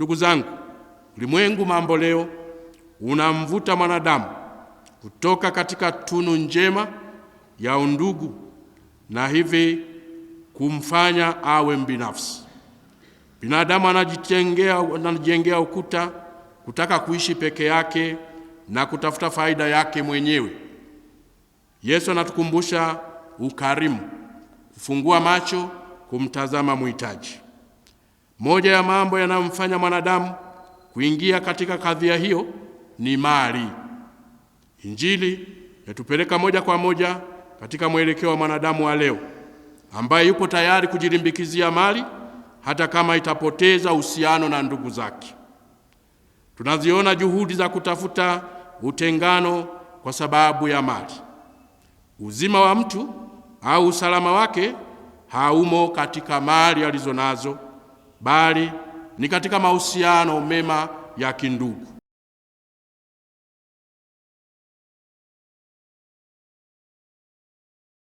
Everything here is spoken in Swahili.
Ndugu zangu, ulimwengu mambo leo unamvuta mwanadamu kutoka katika tunu njema ya undugu na hivi kumfanya awe mbinafsi. Binadamu anajitengea, anajengea ukuta, kutaka kuishi peke yake na kutafuta faida yake mwenyewe. Yesu anatukumbusha ukarimu, kufungua macho, kumtazama mhitaji. Moja ya mambo yanayomfanya mwanadamu kuingia katika kadhia hiyo ni mali. Injili yatupeleka moja kwa moja katika mwelekeo wa mwanadamu wa leo ambaye yupo tayari kujilimbikizia mali hata kama itapoteza uhusiano na ndugu zake. Tunaziona juhudi za kutafuta utengano kwa sababu ya mali. Uzima wa mtu au usalama wake haumo katika mali alizonazo bali ni katika mahusiano mema ya kindugu.